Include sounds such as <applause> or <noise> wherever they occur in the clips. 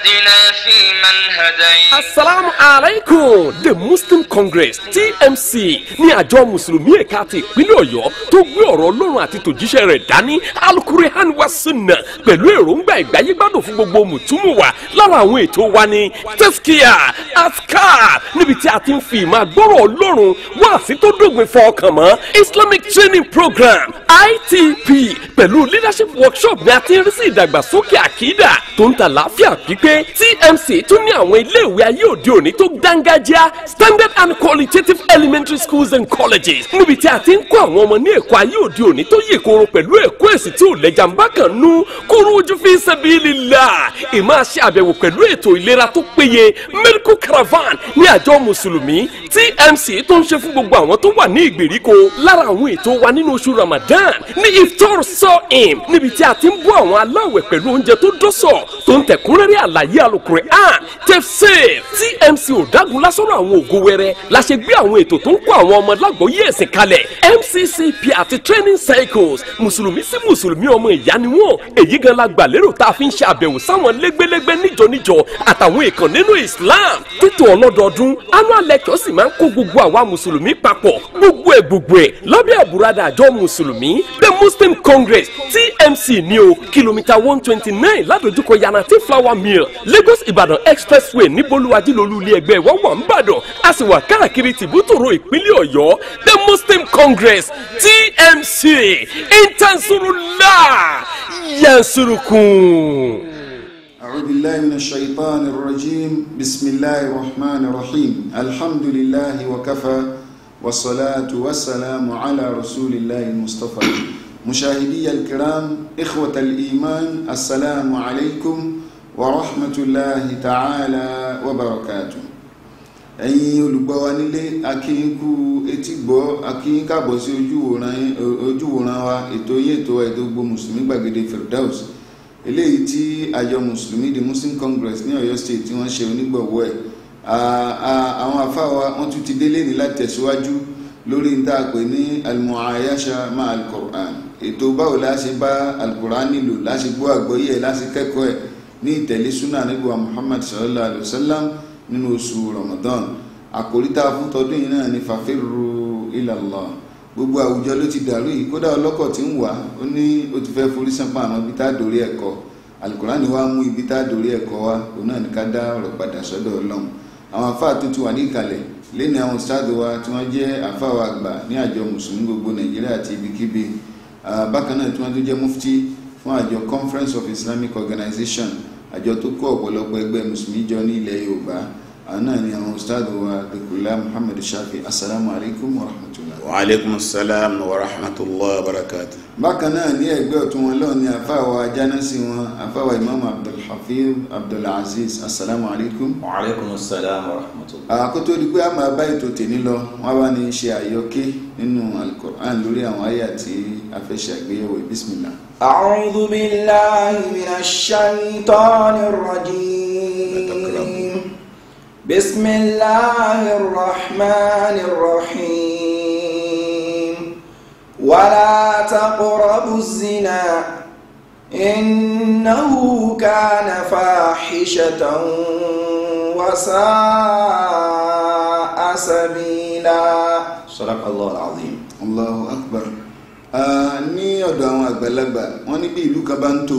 واهدنا فيمن the muslim congress tmc ní àjọ mùsùlùmí ẹ̀ka ti ìpínlẹ̀ ọ̀yọ́ tó gbé ọ̀rọ̀ ọlọ́run àti tòjíṣẹ́ rẹ̀ dání alukurihan wa sunna pẹ̀lú èròǹgbà ìgbáyégbádùn fún gbogbo mùtúmùwà lára àwọn ètò wa ní tẹ́síkìá askar níbi tí a ti ń fi ìmọ̀ àgbọ̀rọ̀ ọlọ́run wá sí tó dògbìn fọkàn mọ́ islamic training program itp pẹ̀lú leadership workshop ni a ti ń rí sí ìdàgbàsókè àkídà tó ń ta láàfíà pípé pé TMC tún ní àwọn iléèwé ayé òde òní tó dángájá standard and qualitative elementary schools and colleges níbi tí a ti ń kọ́ àwọn ọmọ ní ẹ̀kọ́ ayé òde òní tó yè koro pẹ̀lú ẹ̀kọ́ èsì tí ò lẹ́jà ń bá kàn nú kúrú ojú fi sabilillah ìmáa ṣe àbẹ̀wò pẹ̀lú ètò ìlera tó péye medical caravan ní àjọ mùsùlùmí TMC tó ń ṣe fún gbogbo àwọn tó wà ní ìgbèríko lára àwọn ètò wa nínú oṣù Ramadan ní iftar sọ im níbi tí a ti ń bọ́ àwọn aláwẹ̀ pẹ̀lú oúnjẹ tó dọ́sọ̀ tó ń tẹ̀kúnrẹ́rẹ́ àlá àlàyé alukur'an tefsir tmc ọ̀dàgùn lásọ̀rọ̀ àwọn ògo wẹrẹ la ṣe gbé àwọn ètò tó ń kó àwọn ọmọ lágbóyè ẹ̀sìn kalẹ̀ mccp àti training cycles mùsùlùmí sí mùsùlùmí ọmọ ìyá ni wọn èyí gan la gbà lérò tá a fi ń ṣe àbẹ̀wò sáwọn lẹ́gbẹ́lẹ́gbẹ́ níjọ níjọ àtàwọn ìkàn nínú islam títò ọlọ́dọọdún annual lecture sì máa ń kó gbogbo àwa mùsùlùmí papọ̀ gbogbo ẹ̀ gbogbo ẹ̀ lábẹ́ àbúradà àjọ mùsùlùmí the muslim congress tmc ní o kìlómítà one twenty nine ládojúkọ yanati flower mill Lagos Ìbàdàn expressway ní bolúwájú lolú ilé ẹgbẹ́ wa wà ń bàdàn a sì wà káàkiri tìbútòrò ìpínlẹ̀ Ọ̀yọ́ the Muslim Congress TMC intansurula yansurukun. أعوذ بالله من الشيطان الرجيم بسم الله الرحمن الرحيم الحمد لله وكفى والصلاة والسلام على رسول الله المصطفى مشاهدي الكرام إخوة الإيمان السلام عليكم ورحمة الله تعالى وبركاته ẹ̀yin olùgbọ́ wa nílé akínkú etígbọ́ akínkàbọ̀ sí ojúwòran wa ètò yín ètò ẹ̀dógbò mùsùlùmí gbàgede Firdaus eléyìí tí àjọ mùsùlùmí the Muslim Congress ní Ọ̀yọ́ state tí wọ́n ṣe onígbọ̀wọ́ ẹ̀ àwọn afáwa wọ́n tún ti délé ní láti tẹ̀síwájú lórí ní tàà pé ní almuayasha ma alquran ètò báwo la ṣe bá alquran nílò láṣẹ gbọ́ àgbọ́yé ẹ̀ láṣẹ kẹ́kọ̀ọ́ ẹ̀ ní ìtẹ̀lé súnà nígbà Muhammad sallallahu alayhi wa sallam nínú oṣù Ramadan àkòrítà fún tọdún yìí náà ní fàfẹ́rù ilallah gbogbo àwùjọ ló ti dàrú yìí kódà ọlọ́kọ̀ tí ń wà ó ní ó ti fẹ́ forí sánpà àwọn ibi tá a dòrí ẹ̀kọ́ alukurani wa mú ibi tá a dòrí ẹ̀kọ́ wa òun náà ní ká dá ọ̀rọ̀ padà sọ́dọ̀ ọlọ́run àwọn àfáà tó ti wà ní ìkàlẹ̀ lẹ́ni àwọn sáàdù wa tí wọ́n jẹ́ àfáà wa àgbà ní àjọ mùsùlùmí gbogbo nàìjíríà àti ibikíbi bákan náà tí wọ́n tó jẹ́ mufti fún àjọ conference of islamic organization àjọ tó kó ọ̀pọ̀lọpọ̀ ẹgbẹ́ mùsùlùmí jọ ní ilẹ̀ yorùbá àná ni àwọn ustaadu wa dukula muhammed shafi asalaamu alaykum wa rahmatulah. wa aleykum salaam wa rahmatulah wa barakatu. bákan náà ní ẹgbẹ́ ọ̀tún wọn lọ́wọ́ ni àfáwà ajánásí wọn àfáwà imam abdulhafiz abdulaziz asalaamu alaykum. wa aleykum salaam wa rahmatulah. àkótó di pé a máa bá ètò tèmi lọ wọn bá ní ṣe àyọkẹ́ nínú alukur'an lórí àwọn àyà tí a fẹ́ ṣàgbéyẹ̀wò bisimilah. a'udhu billahi minash shaitanir rajim. بسم الله الرحمن الرحيم ولا تقربوا الزنا إنه كان فاحشة وساء سبيلا صدق الله العظيم الله أكبر ní ọ̀dọ̀ àwọn àgbàlagbà wọ́n ní bí ìlú kan bá ń tò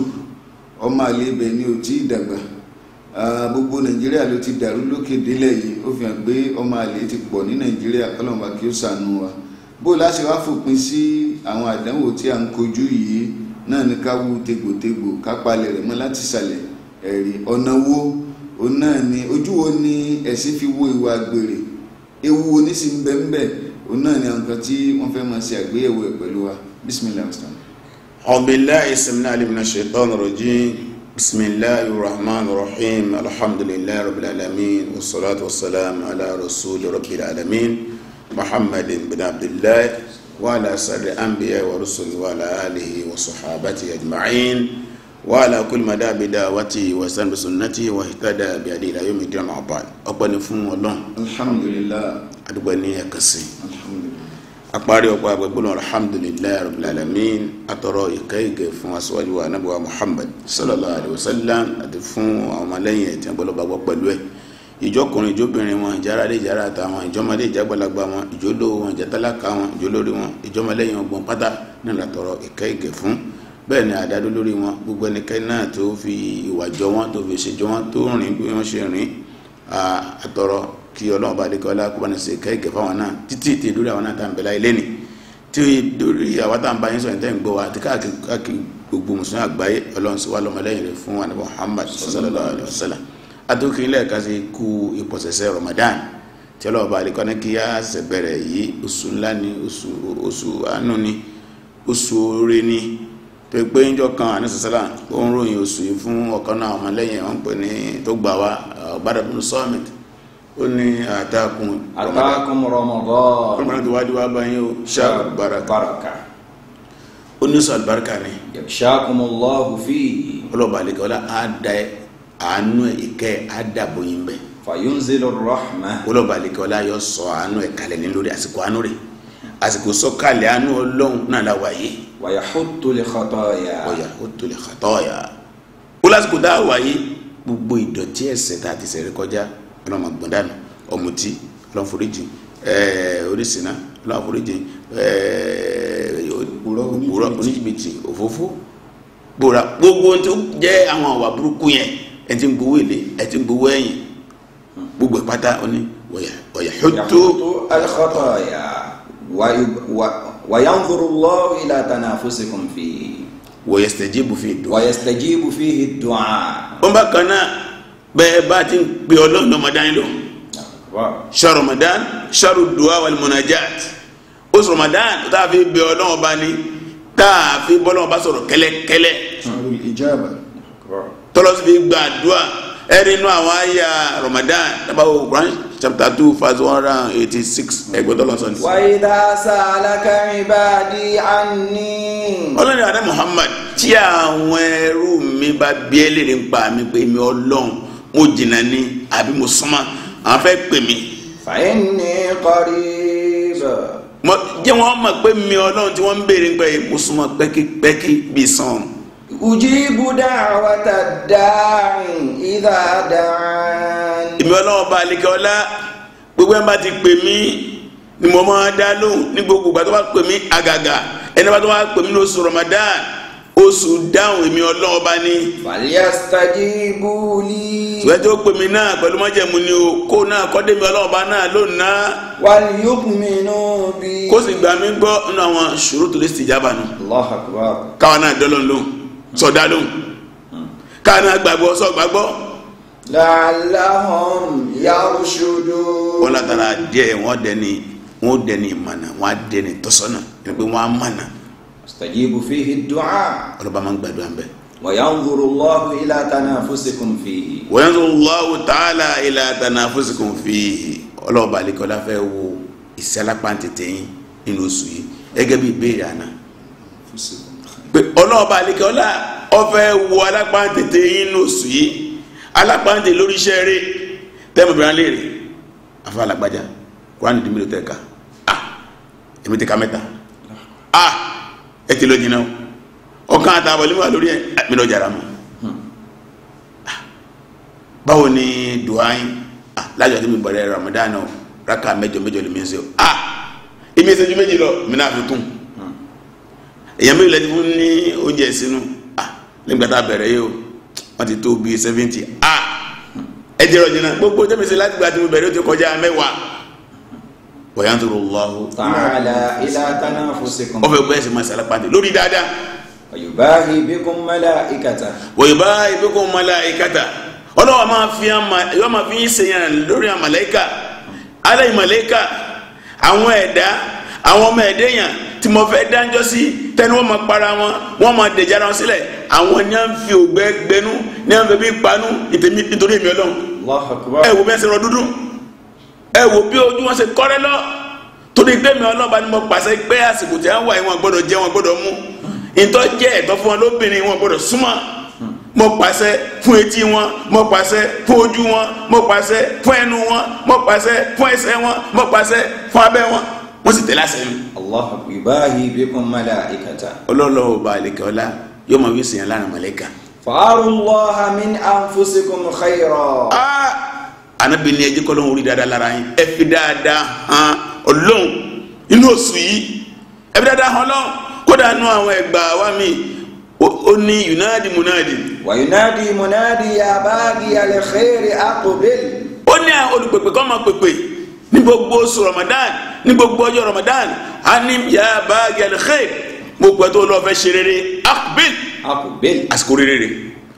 ọmọ àlè ni ò tí ì dàgbà gbogbo nàìjíríà ló ti dàrú lókè délẹ̀ yìí ó fi hàn pé ọmọ àlè ti pọ̀ ní nàìjíríà kọ́lọ́mùbá kí ó ṣàánú wa bó láṣẹ wá fòpin sí àwọn àdánwò tí a ń kojú yìí náà ní ká wú tegbòtegbò ká palẹ̀ rẹ̀ mọ́ láti ṣàlẹ̀ ẹ̀rí ọ̀nà wo òun náà ni ojú wo ni ẹ̀sìn fi wo ìwà àgbèrè ewu onísìnbẹ̀ńbẹ̀ òun náà ni àwọn kan tí wọ́n fẹ́ máa ṣe àgbéyẹ̀wò ẹ̀ pẹ̀lú wa bisimilahi. ọ̀bẹ̀lá ìsinmi náà lè fi náà ṣe tọ́nu rọ̀ jíìn. بسم الله الرحمن الرحيم الحمد لله رب العالمين والصلاة والسلام على رسول رب العالمين محمد بن عبد الله وعلى سر الأنبياء ورسل وعلى آله وصحابته أجمعين وعلى كل مدى بدعوته وسن بسنته واهتدى بهدي إلى يوم الدين مع بعض أقبل فم الله الحمد لله أدبني أكسي الحمد لله apari ọ̀pọ̀ agbẹ̀gbọ́n alhamdulilayi rabilalamin atọrọ ìkẹ́ ìgẹ̀ fún aṣáájú wa anabiwa muhammad sallallahu alayhi wa sallam àti fún àwọn ọmọlẹ́yìn ẹ̀tì agbọ́lọ́gbàgbọ́ pẹ̀lú ẹ̀ ìjọkùnrin ìjọbìnrin wọn ìjáradé ìjárata wọn ìjọmọdé ìjágbàlagbà wọn ìjọlò wọn ìjátálákà wọn ìjọlórí wọn ìjọmọlẹ́yìn ọgbọ̀n pátá náà látọrọ ìkẹ́ ìgẹ̀ fún bẹ́ẹ̀ ni àdádó lórí wọn gbogbo ẹnikẹ́ni náà tó fi ìwà kí ọlọ́run bá dékọ́ ọlá kúbánà ṣe kẹ́ ìkẹ́ fáwọn náà títí ti lórí àwọn náà tá à ń bẹ̀lá ilé ni tí lórí àwọn tá à ń bá yín sọ̀rọ̀ tẹ́ ń gbọ́ wa àti káàkiri gbogbo mùsùlùmí àgbáyé ọlọ́run lọ́mọlẹ́yìn rẹ̀ fún Muhammad sallallahu alayhi Ramadan tí ọlọ́run bá ní kí bẹ̀rẹ̀ yìí oṣù ńlá ni oṣù ó ní àtàkùn àtàkùn Ramadan Ramadan tó wájú wá bá yín o ṣáàrù baraka ó ní sọ àlùbáríkà ni. ṣàkùnmọ̀lọ́hù fi. ọlọ́ba àlekẹ́ ọlá á da àánú ìkẹ́ á dàbò yín bẹ́ẹ̀. fayunzilu rahma. ọlọ́ba àlekẹ́ ọlá yọ sọ àánú ẹ̀ kalẹ̀ ní lórí àsìkò àánú rẹ̀ àsìkò sọ̀kalẹ̀ àánú ọlọ́run náà la wáyé. wayahuttu li khataya. wayahuttu li khataya. ó lásìkò dáhùn wáyé gbogbo ìdọ̀tí ẹ̀ṣẹ̀ ọlọ́mọ gbọ̀n dànù ọ̀mùtí ọlọ́mọ foríjì oríṣìíná ọlọ́mọ foríjì òwúrọ̀ oníjìbìtì òfófó gbòòrà gbogbo tó jẹ́ àwọn àwà burúkú yẹn ẹ ń gbowó èlé ẹ ń gbowó ẹ̀yìn gbogbo ìpátá oní wọ̀yà hótó al-khataya wàyánfòrò lọ́wọ́ ilà tànà àfọ́sẹ̀kùn fi. wọ̀yẹ̀sẹ̀jì bù fi dùn. wọ̀yẹ̀sẹ̀jì bù fi dùn. ó ń bá kan náà bẹ́ẹ̀ bá ti ń pe ọlọ́run lọ́mọdá yín lọ. ṣàrò Ramadan ṣàrò dùwà wal munajat Ramadan tá a fi bẹ ọlọ́run ọba ni tá a fi bọ́lọ́run ọba sọ̀rọ̀ kẹ́lẹ́kẹ́lẹ́. tọ́lọ́sì fi gba àdúrà ẹ̀rí inú àwọn àyà Ramadan dábàá wò chapter two verse one hundred eighty six ẹgbẹ́ tọ́lọ́ sọ ni. wa idha sa'alaka ibadi anni. ọlọ́run adé Muhammad tí àwọn ẹrú mi bá bí ẹ lè ní pa mi pé mi ọlọ́run mo jìnnà ni àbí mo súnmọ́ àwọn fẹ́ pè mí. fàyín ní kọrí bọ̀. mo jẹ́ wọ́n mọ̀ pé mi ọlọ́run tí wọ́n ń béèrè ń pẹ́ mo súnmọ́ pẹ́kípẹ́kí bíi sàn. ujibu da'wata da'i idha da'an. èmi ọlọ́run bá alẹ́ kẹ́ ọlá gbogbo ẹ̀ bá ti pè mí ni mo máa dá lóhùn ní gbogbo ìgbà tó bá pè mí àgàgà ẹni bá tó bá pè mí lóṣù Ramadan oṣù dáhùn èmi ọlọ́run ọba ní. falyastajibu li. ṣùgbọ́n tí ó pè mí náà pẹ̀lú májẹ̀mú ni o kó náà kọ́dé mi ọlọ́run ọba náà lónìí náà. wal yu'minu bi. kó sì gbà mí gbọ́ nínú àwọn ṣurutu listijaba nù. Allahu akbar. káwa náà dọ́lọ́ lóhùn sọ̀dá lóhùn káwa náà gbàgbọ́ sọ̀gbàgbọ́. la'allahum yarshudun. wọ́n látara díẹ̀ wọ́n dẹni wọ́n dẹni ìmọ̀nà wọ́n á dẹni tọ́sọ́nà tajibu fihi du'a. ọlọ́ba máa ń gbàdúrà ń bẹ̀. wàyànzuru allahu ilà tanafusikum fihi. wàyànzuru allahu ta'ala wo ìsẹ́lápàǹtẹ̀tẹ̀ yín nínú oṣù yìí gẹ́gẹ́ bí ìbéèrè àná. pé ọlọ́ba àlekọ́lá ọfẹ́ wo afa alagbaja dimi ka ẹ ti lọ jìnnà o ọkàn àtàbọ̀ lè wà lórí ẹ mi lọ jàrà mọ́ hmm. ah, báwo ni duhain ah, lájọ tí mi bọ̀rẹ̀ Ramadan raka mẹ́jọ mẹ́jọ lè mi ń ṣe o ah èmi ìṣẹ́jú méjì lọ mi náà fi kún hmm. èèyàn méjì lẹ́ni fún ní oúnjẹ sínú ah nígbà tá a bẹ̀rẹ̀ yìí o wọ́n ti tó bíi seventy ah ẹ jẹ́ ọ̀jẹ̀ náà gbogbo jẹ́mi sí láti gba tí mo bẹ̀rẹ̀ ó ti kọjá mẹ́wàá wọ̀yántòrò lọ́hùn. tààlà ilá tánà fòsìkùn. ọ̀fẹ́ gbẹ́sì máa ṣàlápàdé lórí dáadáa. wọ̀yùbáhì bíkún mọ́lá ìkàtà. wọ̀yùbáhì bíkún mọ́lá ìkàtà. ọlọ́wọ́ máa fi àmà yọ máa fi ṣèyàn lórí àmàlẹ́kà alẹ́ ìmàlẹ́kà àwọn ẹ̀dá àwọn ọmọ ẹ̀dẹ́yàn tí mo fẹ́ dáńjọ́ sí tẹni wọ́n máa para wọn wọ́n máa dẹ̀jára wọn sílẹ̀ àwọn ní à ń fi ògbẹ́ gbẹnu ní à ń fẹ́ bí panu nítorí èmi ọlọ́run ẹ wo bẹ́ẹ̀ sẹ́rọ̀ dúdú ẹ wò bí ojú wọn ṣe kọ́rẹ́ lọ torí pé mi ọlọ́ba ni mo pàṣẹ pé àsìkò tí wọ́n wà yìí wọ́n gbọ́dọ̀ jẹ wọ́n gbọ́dọ̀ mu ìtọ́ jẹ́ ẹ̀tọ́ fún wọn lóbìnrin wọ́n gbọ́dọ̀ súnmọ́ mo pàṣẹ fún etí wọn mo pàṣẹ fún ojú wọn mo pàṣẹ fún ẹnu wọn mo pàṣẹ fún ẹsẹ̀ wọn mo pàṣẹ fún abẹ́ wọn wọ́n sì tẹ̀lé àṣẹ mi. Allahu ibahi bikum malaikata. ọlọ́lọ́ ọba àlekẹ́ ọlá yóò máa wí sèyàn lánàá màlẹ́kà. fa'arullah min anfusikum khayra. aa ah! anabi ni ẹjẹ kọlọ́hún orí dáadáa lára yín ẹ fi dáadáa hàn ọlọ́hún inú oṣù yìí ẹ fi dáadáa hàn ọlọ́hún kódà nú àwọn ẹgbà wa mi ó ní yunadi munadi. wà yunadi munadi abáàgì alẹ́xẹ́rẹ́ àkọ́bẹ́lì. ó ní olùpèpè kọ́ máa pèpè ní gbogbo oṣù ramadan ní gbogbo ọjọ́ ramadan a ya abáàgì alẹ́xẹ́rẹ́ gbogbo ẹ̀ tó lọ́ọ́ fẹ́ ṣe rere àkọ́bẹ́lì. àkọ́bẹ́lì àsìkò rere rẹ̀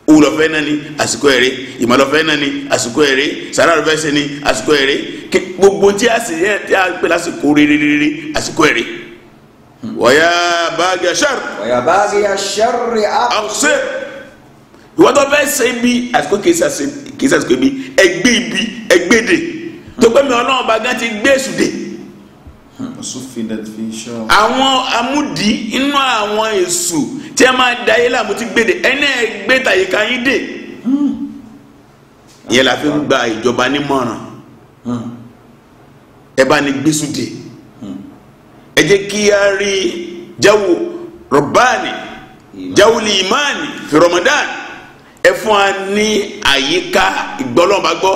owurọ̀fẹ́ nani ni àsìkò èrè ìmọ̀lọ́fẹ́ náà ni àsìkò èrè sàràrọ̀fẹ́ sí ni àsìkò èrè gbogbo tí a sì yẹ tí a pè lásìkò rere rere àsìkò èrè. wọ́yà báàgì aṣọ́r. wọ́yà báàgì aṣọ́r rẹ̀ àkọsẹ́. ìwọ́tọ̀ fẹ́ ṣe bí àsìkò kìí ṣe àsìkò bí ẹgbẹ́ ibi ẹgbẹ́ dè tó pẹ́ mi ọlọ́run bá gán ti gbé èṣù dè àwọn amúdi inú àwọn èṣù tí ẹ máa da yé láàmú ti gbèdè ẹnẹ gbé tàyíká yín dè ìyẹn la fi ń gba ìjọba nímọ̀ràn ẹ bá ní gbésù dè ẹ jẹ́ kí a rí jáwó rọ̀báàni jáwó lìmáàni fi Ramadan ẹ fún wa ní àyíká ìgbọ́lọ́mọgbọ́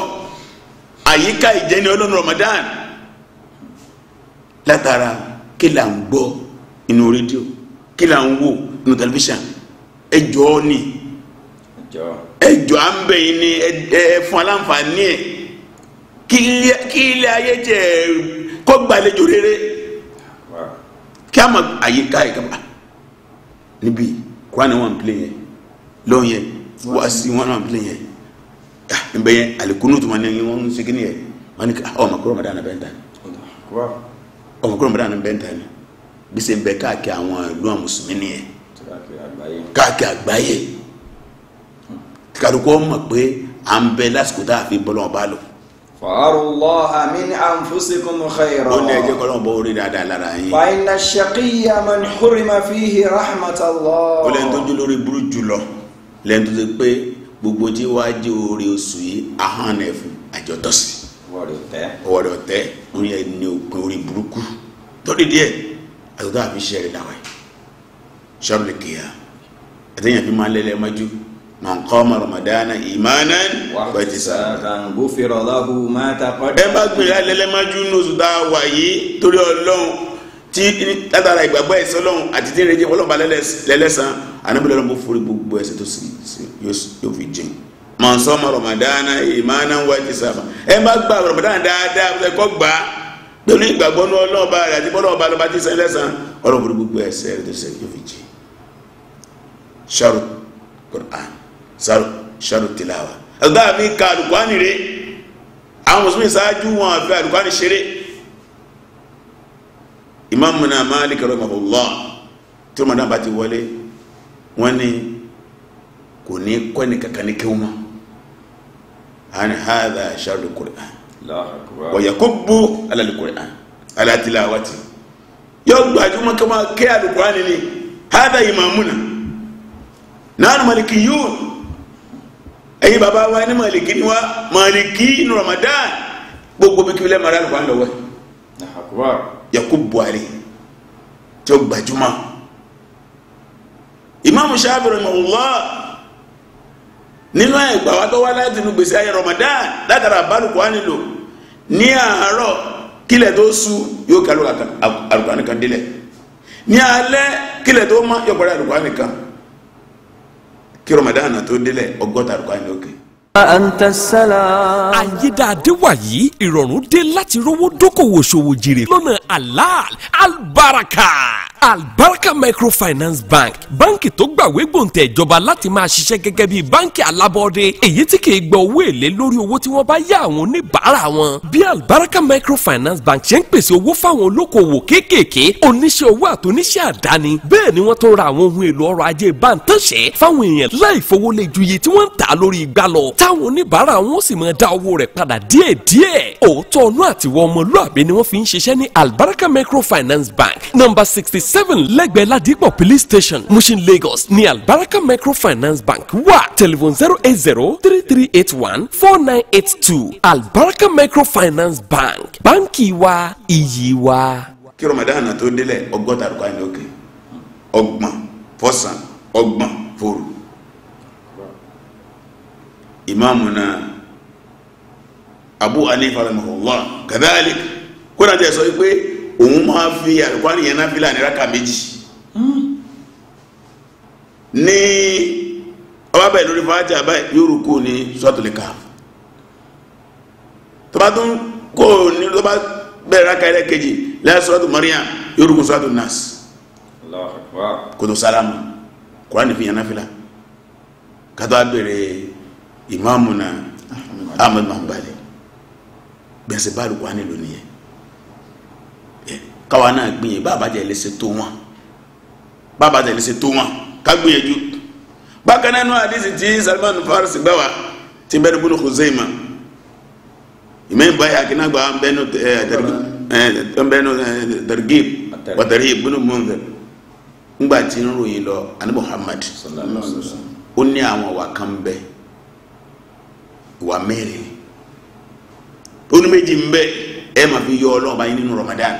àyíká ìjẹni ọlọ́run Ramadan látara kí là ń gbọ́ inú rédíò kí là ń wò nínú tẹlifíṣàn ẹ ni ẹ jọ̀ọ́ à ń bẹ̀ yín ni ẹ fún aláǹfààní ẹ̀ kí ilé ayé jẹ́ kó gbàlejò rere kí a mọ̀ àyíká ẹ̀ kama níbi kúránì wọn pílẹ̀ yẹn lọ́wọ́ yẹn wáàsí wọn wọn pílẹ̀ yẹn nbẹ yẹn alikunu tuma ni wọn ń segin yẹn wọn ni ah, ọmọ kúrò mọdà náà bẹ ń ta ni ọmọ kúrò mọdà náà bẹ ń ta ni bí sẹ ń bẹ káàkiri àwọn ìlú àwọn mùsùlùmí nìyẹn káàkiri àgbáyé kíkàdùkọ́ mọ̀ pé à ń bẹ lásìkò tá a fi bọ́ lọ́wọ́ bá lò. fàárùlọ́hà min anfusikum khayran. ó ní ẹjẹ́ kọ́ lọ́wọ́ bọ́ orí dáadáa lára yín. fa inna shaqiyya man hurima fihi rahmatallah. ó lẹ́yìn tó jó lórí burú jùlọ lẹ́yìn tó ti pé gbogbo tí wàá jẹ́ orí oṣù yìí ahọ́n ẹ̀ fún àjọtọ́sí. ọwọ́dọ̀ tẹ́ ń yẹ ní òpin orí burúkú tó àtẹ̀yìn fi máa lẹ́lẹ̀ mọ́jú man qama ramadana imanan wa ihtisaban ghufira lahu ma taqaddama. ẹ bá gbìyànjú alẹ́lẹ́ mọ́jú ní oṣù tá a wà yìí torí ọlọ́run tí látara ìgbàgbọ́ ẹ̀sìn ọlọ́run àti tí ìrẹ́jẹ́ ọlọ́run bá lẹ́lẹ́sàn anábìlẹ̀ ọlọ́run bó forí gbogbo ẹ̀sìn tó sì yóò fi jìn man sama ramadana imanan wa ihtisaban ẹ bá gba ramadana dáadáa ẹ kọ́ gbà á pẹ̀lú ìgbàgbọ́ ní ọlọ́ọ̀ba rẹ̀ àti bọ́lọ́ọ̀ba lọ́ba tí sẹ́lẹ̀sán ọlọ́run forí gbogbo ẹ̀sìn tó sì yóò fi jìn sharu quran sharu sharu tilawa ẹgbẹ́ mi ka alukwani re àwọn mùsùlùmí ṣáájú wọn àfi alukwani ṣeré imaamu na Malik rahimahullah tí wọn dábàá ti wọlé wọn ni kò ní kọ́ ni kankan ní kéwọ́n mọ́ ani hadha sharu quran wọ̀yẹ̀kọ́bù alalukur'an alatilawati yóò gbajúmọ̀ kama kẹ́ alukur'an ni hadha imamuna náà maliki yóò ẹ̀yin baba wa ní maliki ni wa màlìkì ní Ramadan gbogbo bí kíbilẹ̀ mara lọ́wọ́ lọ́wọ́ Yakub Buhari tí ó gbajúmọ̀ Imam Shafi'i rahimahullah nínú ẹ̀gbà wa tó wá láti inú gbèsè ayé Ramadan látara àbálùkù wa nílò ní àárọ̀ kílẹ̀ tó ṣú yóò kí alùpàá nìkan délẹ̀ ní alẹ́ kílẹ̀ tó má yọ̀gbọ́dọ̀ alùpàá nìkan kí Ramadan tó délẹ̀ ọgọ́ta àlùkò àyìn lókè àyédáadé wàyí ìrọ̀rùn dé láti rówó dókòwò ṣòwò jèrè lọ́nà halal albaraka albarka microfinance bank báǹkì tó gbàwé gbòǹtẹ̀ ìjọba láti máa ṣiṣẹ́ gẹ́gẹ́ bíi báǹkì alábọ́ọ́dé èyí tí kì í gba owó èlé lórí owó tí wọ́n bá yá àwọn oníbàárà wọn. bí albarka microfinance bank ṣe ń pèsè owó fáwọn olókoòwò kéékèèké oníṣẹ́ owó àtúnṣe àdáni bẹ́ẹ̀ ni wọ́n tó ra àwọn ohun èlò ọrọ̀ ajé bántánṣẹ́ fáwọn èèyàn láì fowó lé ju iye tí wọ́n ń tà lórí igbá lọ táwọn oníbàárà microfinance bank number sixty seven lẹ́gbẹ̀ẹ́ ladipo police station mushin lagos ní albaraka microfinance bank wà telephone zero eight zero three three eight one four nine eight two albaraka microfinance bank báńkì wa iyì wa. kí ramadan tó délẹ̀ ọgọ́ta àrùkọ àyìn lókè ọgbọ̀n fọ́sàn ọgbọ̀n fòrò ìmáàmù náà abu anifa rahimahullah kadhalik kó náà tẹ̀ sọ pé. òun máa fi àlùkọ́rì yẹn náà fílà ọba bẹ́ẹ̀ lórí fàájà báyìí yóò ní sọ́tòlẹ́ka tó bá tún kó ní tó bá bẹ̀rẹ̀ rákà ẹ̀rẹ́ kejì lẹ́yìn sọ́tò Maryam nas kòtò sálámù fi yẹn náà fílà kátó ìmáàmù náà káwa náà gbìyànjú bàbá jẹ lẹsẹ tó wọn bàbá jẹ lẹsẹ tó wọn ká gbìyànjú bákan náà nù àdìsí tí Salman Farisi gbà wá tí bẹ́ẹ̀ dùgbò Khuzaima ìmọ̀ ìbá yà kí náà gbà ń bẹ́ẹ̀ nù dàrgìb wàdàrí ibùnú Mundhir ńgbà tí ń ròyìn lọ àní Muhammad ó ní àwọn ìwà kan bẹ ìwà mẹ́rin ó ní méjì ń bẹ ẹ máa fi yọ Ọlọ́run báyìí nínú Ramadan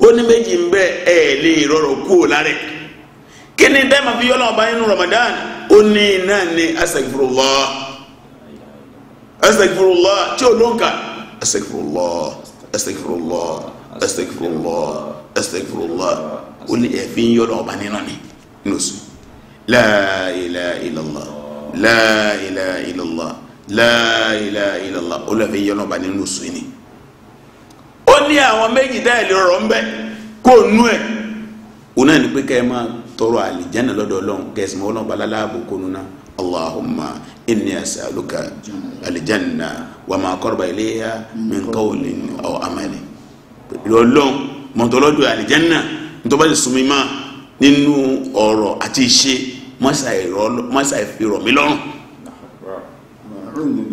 ó ní méjì ń bẹ ẹ lè rọrọ kú ò lárẹ kí ni dẹ́ẹ̀mà fi yọ́lọ́ ọba nínú Ramadan ó ní náà ní astaghfirullah astaghfirullah tí ò ló ń kà astaghfirullah astaghfirullah astaghfirullah astaghfirullah ó ní ẹ̀fín yọ́lọ́ ọba nínú ni nínú sùn la ilaha illallah la ilaha illallah la ilaha illallah ó lọ́ọ́ ni ó ní àwọn méjì dáì lè rọ̀ ń bẹ́ kó nú ẹ̀ òun náà ní pé kẹ́ ẹ máa tọrọ àlìjẹ́nà lọ́dọ̀ ọlọ́run kẹ́sì mọ́ ọlọ́run balá láàbò kó nuna allahumma inni as'aluka aljanna wa ma qaraba ilayha min qawlin aw amali lọ́lọ́run mọ̀tọ́lọ́dọ̀ àlìjẹ́nà ntọ́ba ti sùnmi máa nínú ọ̀rọ̀ àti iṣẹ́ mọ́sá ìfirọ̀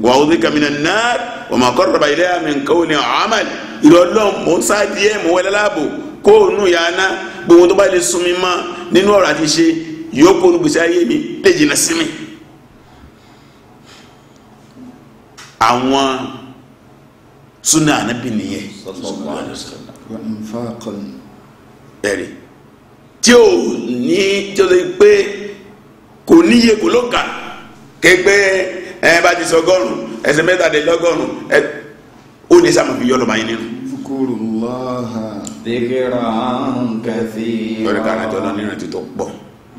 wa udhika minan nar wa ma qaraba ilayha min qawlin aw amali ìrọ̀lọ́n mò ń sá díẹ̀ mò ń wẹlẹ́ láàbò kó o nù yà á ná gbogbo tó bá lè sun mi nínú ọ̀rọ̀ àti ṣe yóò kó olùgbèsè ayé mi lè jìnnà sí mi. àwọn súnà ànábì nìyẹn ẹ̀rí tí o ní tí o lè pé kò níye kò ló kà ẹ bá ti sọ ọgọ́rùn ẹsẹ̀ mẹ́tàdínlọ́gọ́rùn ẹ ó ní sáà mo fi yọ́ lọ́ba yín nínú. Zikrullaha dhikran kathira. lórí ká anájọ náà nínú ti tó pọ̀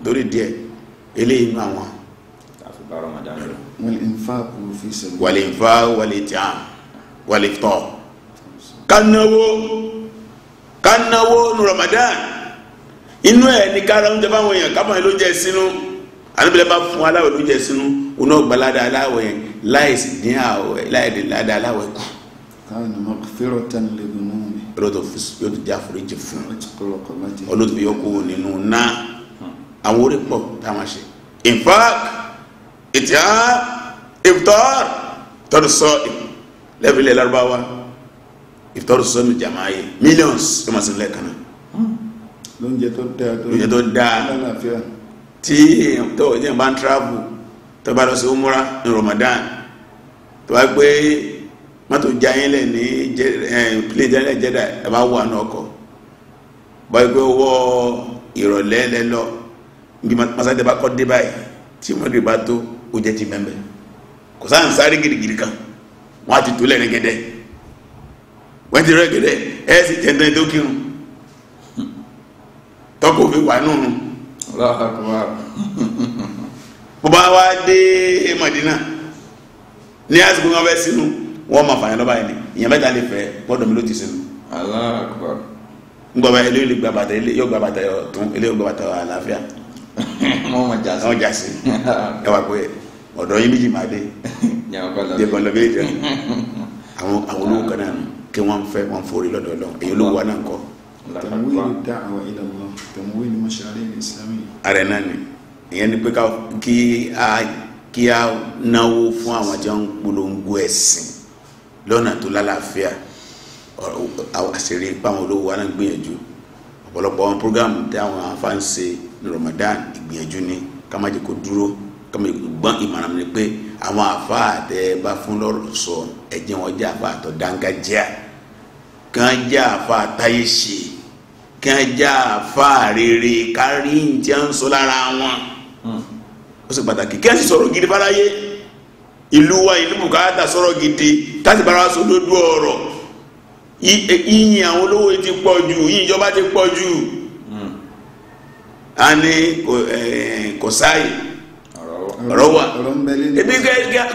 lórí díẹ̀ eléyìí inú àwọn. Ramadan lọ. wàlẹ̀ nfa kò fi sẹ́yìn. wàlẹ̀ nfa wàlẹ̀ tọ̀ kánáwó kánáwó nu Ramadan inú ẹ̀ ní kára oúnjẹ báwọn èèyàn kábọn ẹ ló jẹ sínú àdébìlẹ bá fún aláwẹ ló jẹ sínú oná gbalada aláwẹ láì sí àwẹ láì dín aláwẹ kù yóò ti di àforíjì fún olóòtú yóò kó nínú náà àwọn orí pọ̀ táwọn ṣe infaq ìtìá iftar tọ́dù sọ lẹ́bílẹ̀ Lárúbáwá iftar sọ ní jàmáyé millions ló máa sin lẹ́ẹ̀kan náà lóúnjẹ tó dáa lóúnjẹ tó dáa tí èèyàn tó bá ń travel tó lọ sí umura ní Ramadan tó gbé mọ́tò jayínlẹ̀ ní plẹ̀tẹ́lẹ̀ jẹ́dà ẹ bá wà náà kọ́ báyìí pé wọ́ ìrọ̀lẹ́ lẹ lọ bí masáde bá kọ́ dé báyìí tí mọ́tò bá tó ti mẹ́mẹ́ kò sáà ń sáré kan wọ́n á ti tó lẹ́rìn gẹ́dẹ́ wọ́n ti rẹ́ gẹ́dẹ́ ẹ sì jẹ́ntẹ́ tó kírun òfin wà bó Madina ní àsìkò wọn wọ́n máa fàyàn lọ́ba yẹn ìyẹn mẹ́ta lè fẹ́ gbọ́dọ̀ mi ló ti sinmi. Allahu Akbar. ngbọba ilé yóò gba bàtà ilé yóò gba bàtà tún ilé yóò gba bàtà àlàáfíà. <laughs> wọ́n mọ̀ jásí. wọ́n jásí <laughs> ẹ wá pé ọ̀dọ́ yín méjì máa dé. jẹ̀bọ̀n <laughs> lọ méjì dẹ́nu. àwọn àwọn olówó kan náà kí wọ́n fẹ́ wọ́n forí lọ́dọ̀ lọ èyí olówó wa náà kọ́. tẹ̀wéèrè dá àwọn ilẹ̀ wọn tẹ̀wéèrè ni mọ́ṣáláì ní islámì. ààrẹ náà ni ìyẹn ni pé kí a náwó fún àwọn tí ń polongo ẹ̀sìn lọ́nà tó lálàáfíà àṣírí páwọn olówó wa náà gbìyànjú ọ̀pọ̀lọpọ̀ àwọn programu tí àwọn afáàn ṣe ní Ramadan ìgbìyànjú ni ká má jẹ́ kó dúró ká má gbọ́n ìmọ̀ràn mi pé àwọn afáà tẹ́ ẹ bá fún lọ́rọ̀ sọ ẹ jẹ́ wọn jẹ́ afáà tó dángájíà kàn jẹ́ afáà táyé ṣe kàn jẹ́ afáà rere kárí ń jẹun sọ lára wọn hmm. ó sì pàtàkì kí ẹ sì sọ̀rọ̀ gidi fáráyé ìlú e, hmm. e, wa ìlú bùkátà sọ̀rọ̀ gidi táti bára wa sódódó ọ̀rọ̀ yíyìn àwọn olówó ti pọ̀ jù yíyìn ìjọba ti pọ̀ jù a ní kò ọ̀rọ̀ wà ebi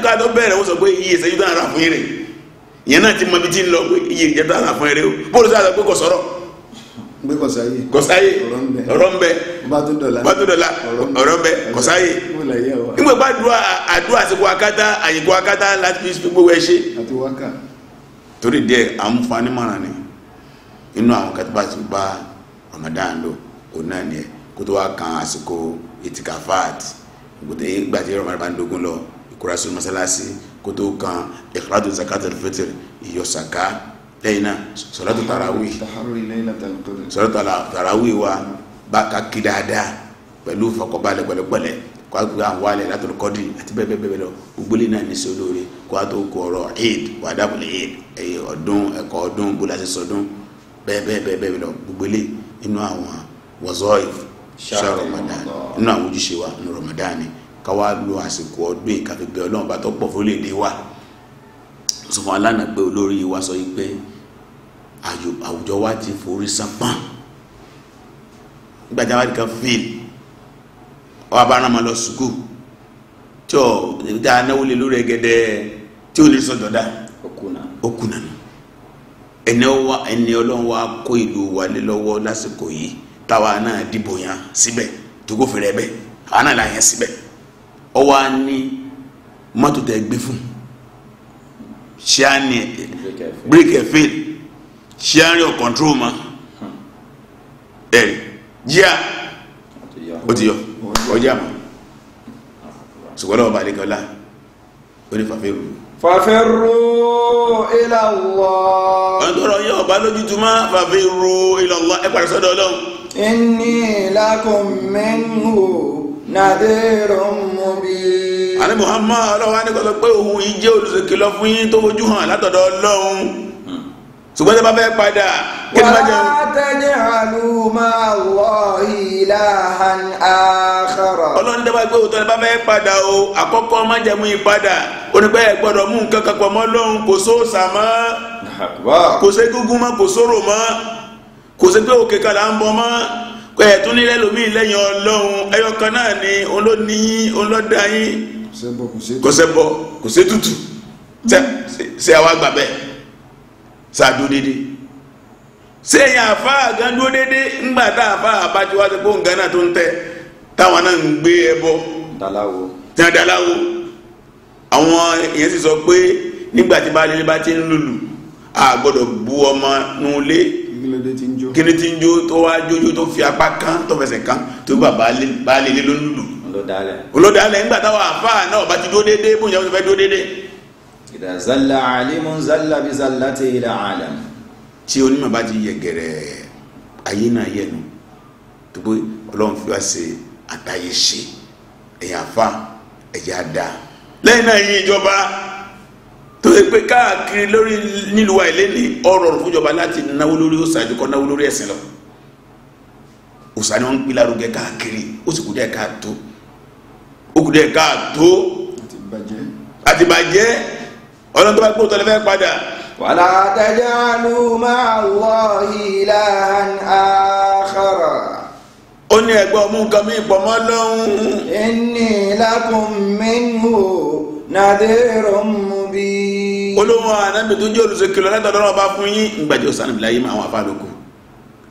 ká tó bẹ̀rẹ̀ wọ́n sọ pé iye ìṣẹ́jú tó ń ra fún yìí rẹ̀ ìyẹn náà ti mọ ibi tí ń lọ pé iye ìjẹ́ tó ń ra fún yìí rẹ̀ o bóòlù sọ àgbẹ̀ kò sọ̀rọ̀ gbé kọsáyé kọsáyé ọ̀rọ̀ ń bẹ bàtúndọ̀lá ọ̀rọ̀ ń bẹ kọsáyé nígbà bá dùn àdúrà àsìkò akátá àyìnkò akátá láti fi fi gbogbo ẹ ṣe torí díẹ̀ àǹfààní mọ̀ràn ni inú àwọn katiba ti bá Ramadan lò òun náà ni ẹ kó tó wá kan àsìkò itikafat ìgbà tí Ramadan bá ń dogun lọ ìkúrasí mọ́sálásí kó kan ìkúrasí zakat al-fitr lẹ́yìn náà sọ̀látù tàràwì sọ̀látù tàràwì wa bá ká kí dáadáa pẹ̀lú fọkànbalẹ̀ pẹ̀lẹ́pẹ̀lẹ́ kó a gba àwọn alẹ́ látọ̀rọ̀ kọ́dìrì àti bẹ́ẹ̀ bẹ́ẹ̀ lọ gbogbo lè náà ní sí olóore kó a tó kọ ọ̀rọ̀ eid wà dábòlè eid ẹ̀yẹ ọdún ẹ̀kọ́ ọdún bólásì sọdún bẹ́ẹ̀ bẹ́ẹ̀ bẹ́ẹ̀ lọ gbogbo lè inú àwọn wazọ́ìf ṣá Ramadan inú àwọn ojúṣe wa ní Ramadan ni káwá lo àsìkò ọdún ìkàfẹ́gbẹ́ Ọlọ́run bá tó pọ̀ fólè dé wa sọfún alánà pé olórí wa sọ yìí pé àwùjọ wa ti forí sanpọ́n gbàtà wa nìkan fail ọba bá rán lọ sùkú tí ọ níta náwó lè lórí ẹgẹdẹ tí ò lè sọ dọdá okùnà ẹni wa ọlọ́run wa kó ìlú wa lé lọ́wọ́ lásìkò yìí táwa náà dìbò yàn síbẹ̀ tókò fèrè àwa náà là yẹn síbẹ̀ ọwọ́ á ní mọ́tò tẹ gbé fún ní bíríkì sharing or control ma ẹ̀rí jíà ó ti yọ ọjà ma ṣùgbọ́n ọba àdékọ́lá ó ní fàfẹ́ rú fàfẹ́ rú ila Allah ọ̀n tó rọ yọ ọba lójútu má fàfẹ́ rú ila Allah ẹ padà sọ́dọ̀ ọlọ́run inni lakum minhu nadhirun mubin àní Muhammad ọlọ́wọ́ á ní kọ́ sọ pé òun yìí jẹ́ olùsèkìlọ fún yín tó fojú hàn látọ̀dọ̀ ọlọ́run ṣùgbọ́n tẹ́ bá fẹ́ padà kí ni bá jẹ́ wọn. wàá tẹ́lẹ̀ àlùmọ́ àwọ̀ ìlàhàn àkàrà. ọlọ́run tẹ́ bá òótọ́ ni bá fẹ́ padà o àkọ́kọ́ má jẹ́ mú ìpadà onípẹ́ ẹ̀ gbọ́dọ̀ mú nǹkan kan pọ̀ mọ́ lọ́hùn kò sóòsà mọ́ kò sí gúngún mọ́ kò sóró mọ́ kò sí pé òkè kan là ń bọ mọ́ kò nílẹ̀ lómi lẹ́yìn ọlọ́run ẹyọ náà ni òun ló ní òun ló dá yín kò sẹ́bọ̀ kò sẹ́tutù àwa gbà ṣáájú dédé sẹ́yìn àfáà gan dúró dédé ńgbà tá àfáà bá ti wá sí fóun gánà tó ń tẹ táwọn náà ń gbé ẹbọ tí wọ́n daláwo àwọn èèyàn sì sọ pé nígbà tí baálé bá ti ń lùlù a gbọ́dọ̀ bu ọmọ nulẹ̀ kíni tí ń jó tó wá jójó tó fi apá kan tó fẹsẹ̀ kan tó gbà baálé lé ló ń lùlù olódàálẹ̀ ńgbà táwọn àfáà náà bá ti dúró dédé bóun yà ti fẹ́ dúró dédé ìdá zalla alimu zalla bi zalla ti ìdá alam. tí onímọ̀ bá ti yẹ gẹ̀rẹ́ ayé náà yẹ nu tó pé ọlọ́run fi wá ṣe àtàyè ṣe ẹ̀yà fa ẹ̀yà da lẹ́yìn náà yí ìjọba tó yẹ pé káàkiri lórí nílùú wa ìlẹ́ni ọ̀rọ̀ ọ̀rọ̀ fúnjọba láti náwó lórí òòṣà àjùkọ́ náwó lórí ẹ̀sìn lọ òòṣà ni wọ́n ń gbé lárugẹ káàkiri ó sì kú díẹ̀ káàtó ó kú díẹ̀ káàtó àtibàjẹ́ ọlọ́run tó bá gbóòtọ́ lè fẹ́ padà. wàlá tajalu ma'a Allahi ilahan akhara. ó ní ẹ̀gbọ́n mú nǹkan mi pọ̀ mọ́ lọ́hún. inni lakum minhu nadhirun mubin. olóhùn anábì tó jẹ́ olùsèkìlọ̀ látọ̀dọ̀ náà bá fún yín ìgbàjọ sanu bìlá yín àwọn afárokò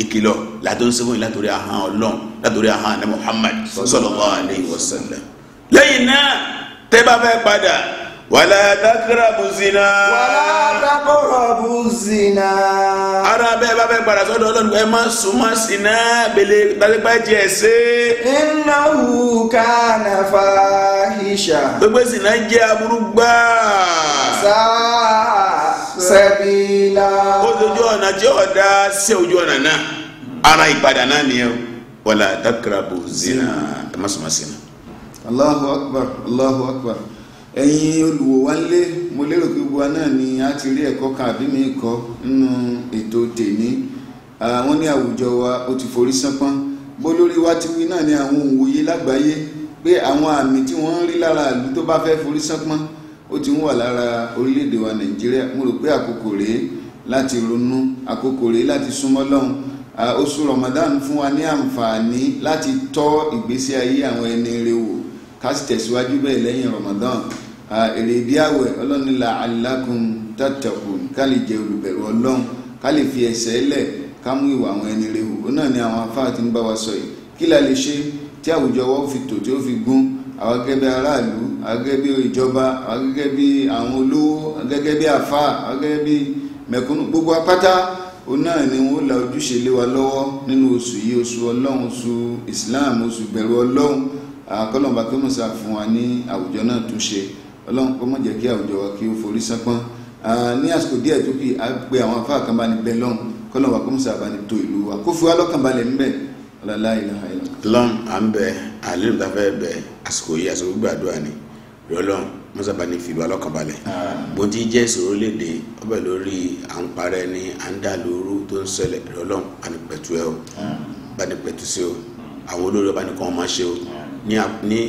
ìkìlọ̀ látọ̀ ń sẹ́wọ̀n látòrí ahọ́n ọlọ́run látòrí ahọ́n àná Muhammad sallallahu alaihi wasallam lẹ́yìn náà tẹ́ bá fẹ́ padà Wala takarabu buzina. Wala takarabu buzina. ara bẹ́ẹ̀ bá bẹ́ẹ̀ gbàdá sọ́dọ̀ ọlọ́run ẹ má súnmọ́ sínú abèlè gbàgbà jẹ́ ṣe. innahu kana fahisha. gbogbo sínú jẹ́ aburú gbà. sa sabila. ó dojú ọ̀nà tí ọ̀dà sí ojú ọ̀nà náà ara ìpadà náà nìyẹn wàlá takarabu zina ẹ má súnmọ́ sínú. Allahu akbar Allahu akbar ẹ̀yin olùwò wálé mo lérò pé gbogbo náà ni a ti rí ẹ̀kọ́ kan àbí mi kọ́ nínú ètò tèmi wọ́n ní àwùjọ wa ó ti forí sánpọ́n bó lórí wa ti wí náà ni àwọn òǹwòye lágbàáyé pé àwọn àmì tí wọ́n ń rí lára ìlú tó bá fẹ́ forí sánpọ́n ó ti ń wà lára orílẹ̀-èdè wa nàìjíríà mo rò pé àkókò rèé láti ronú àkókò rèé láti súnmọ́ lọ́hùn oṣù ramadan fún wa ní àǹfààní láti tọ́ ìgbésí ayé àwọn ẹni rere wò ká sì tẹ̀síwájú bẹ́ẹ̀ lẹ́yìn Ramadan èrè bí àwẹ̀ ọlọ́run ní la'allakum tattaqun ká lè jẹ́ olùbẹ̀rù ọlọ́run ká fi ẹ̀ṣẹ̀ lẹ̀ ká ìwà àwọn ẹni rẹ̀ hù náà ni àwọn afá ti ń bá wa sọ yìí kí la lè ṣe tí àwùjọ wa ó fi tò tí ó fi gún àwọn gẹ́gẹ́ bí aráàlú àwọn gẹ́gẹ́ bí ìjọba àwọn gẹ́gẹ́ bí àwọn olówó àwọn gẹ́gẹ́ bí afá àwọn gẹ́gẹ́ bí mẹ̀kúnnù gbogbo apáta òun náà ni wọn ó la ojúṣe lé wa lọ́wọ́ nínú oṣù yìí oṣù ọlọ́run oṣù Islam oṣù bẹ̀rù ọlọ́run àkọlọ́mọba kí mọ̀sá fún wa ní àwùjọ náà tún ṣe ọlọ́run kọ́ mọ̀ jẹ́ kí àwùjọ wa kí ó forí sápọ́n ní àsìkò díẹ̀ tó kì á pe àwọn afá kan bá ní bẹ́ẹ̀ lọ́hùn kọ́lọ́mọba kí mọ̀sá bá ní to ìlú wa kó fi wá lọ́kàn balẹ̀ ńbẹ̀ ọ̀làlá ìlà ìlà. lọ́n à ń bẹ àlejò tá a fẹ́ bẹ àsìkò yìí àsìkò gbàdúrà ni lọ́lọ́n mọ́sá bá ní fi ìlú alọ́kàn balẹ̀ bó ti jẹ́ ìṣòro léde ọbẹ̀ lórí à ń parẹ́ ni à ń dà lóru tó ń ṣẹlẹ̀ lọ́lọ́n bá ní pẹ̀tù ẹ o bá ní pẹ̀tù sí o àwọn olórí bá ní kàn máa ṣe o. Ni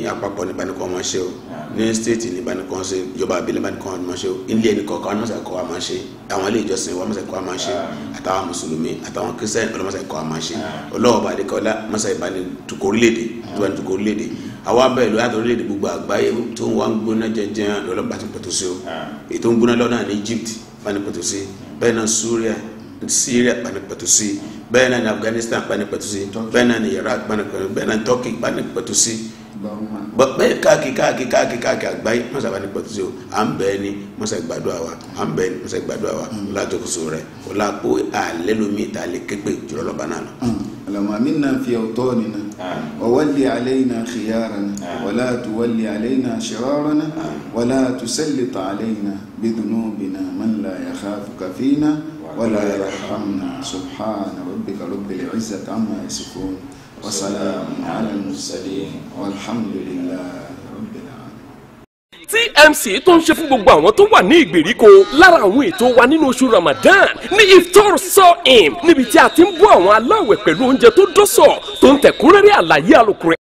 àpapọ̀ níbanìkan máa ṣe o ní stéètì níbanìkan ṣe ìjọba àbílẹ̀ níbanìkan máa ṣe o ilé ẹnìkọ̀ọ̀kan ọlọ́mọṣẹ́kọ̀ wa máa ṣe àwọn ilé ìjọsìn wa mọ̀ṣẹ́kọ̀ wa máa ṣe àtàwọn mùsùlùmí àtàwọn kírísítẹ́nì ọlọ́mọṣẹ́kọ̀ wa máa ṣe ọlọ́wọ́ bá adékọ́lá mọ́ṣá ìbánitukọ̀ orílẹ̀-èdè tó bá nítukọ̀ orílẹ̀-èdè àwa bẹ́ẹ̀ ló yàtọ̀ orílẹ̀-èdè gbogbo àgbáyé tó ń wá gbóná jẹjẹrẹ lọ́lọ́ba ti pọ̀tọ́sí Egypt bá ní pọ̀tọ́sí bẹ́ẹ̀ náà syria kpanikpɛtusi bẹ́ẹ̀ náà ni afghanistan kpanikpɛtusi bẹ́ẹ̀ náà ni iraq kpanikpɛtusi bẹ́ẹ̀ náà ni turkey kpanikpɛtusi bẹ́ẹ̀ káàkiri káàkiri káàkiri káàkiri àgbáyé mọ́sá kpanikpɛtusi o à ń bẹ́ẹ̀ ni mọ́sá gbàdúrà wa à ń bẹ́ẹ̀ ni mọ́sá gbàdúrà wa ọlá àjọkóso rẹ ọlá àpò alẹ́ lomi ìta lè képe jùlọ lọ́ba náà lọ. اللهم آمنا في أوطاننا وولي علينا خيارنا ولا تولي علينا شرارنا ولا تسلط علينا بذنوبنا من لا يخافك فينا ولا يرحمنا سبحان ربك رب العزة عما يصفون وسلام على المرسلين والحمد لله tmc tó ń ṣe fún gbogbo àwọn tó wà ní ìgbèríko lára àwọn ètò wa nínú oṣù ramadan ní iftar sọ níbi tí a ti ń bọ́ àwọn aláwẹ̀ pẹ̀lú oúnjẹ tó dọ́sọ̀ tó ń tẹ̀kúnrẹ́rẹ́ àlàyé alukure